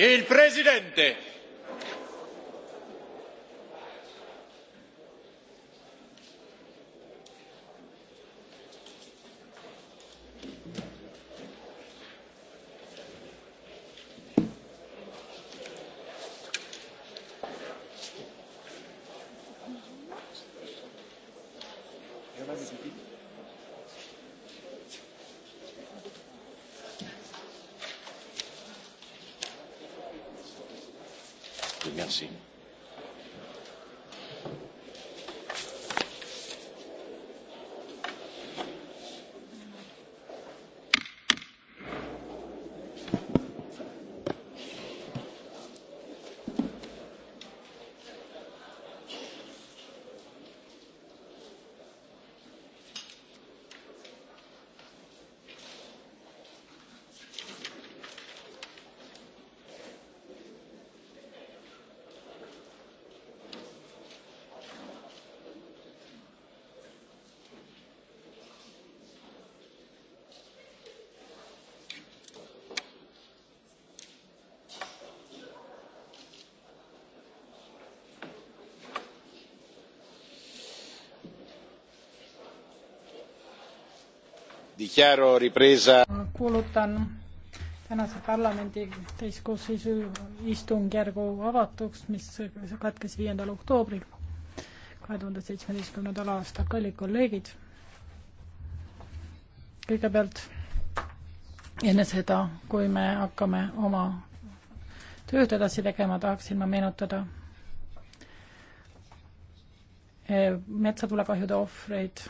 Il presidente. Grazie. Merci. kuulutan tänase parlamendi täiskoosseisu istungjärgu avatuks, mis katkes viiendal oktoobril kahe tuhande seitsmeteistkümnendal aastal. kallid kolleegid, kõigepealt enne seda, kui me hakkame oma tööd edasi tegema, tahaksin ma meenutada eh, metsatulekahjude ohvreid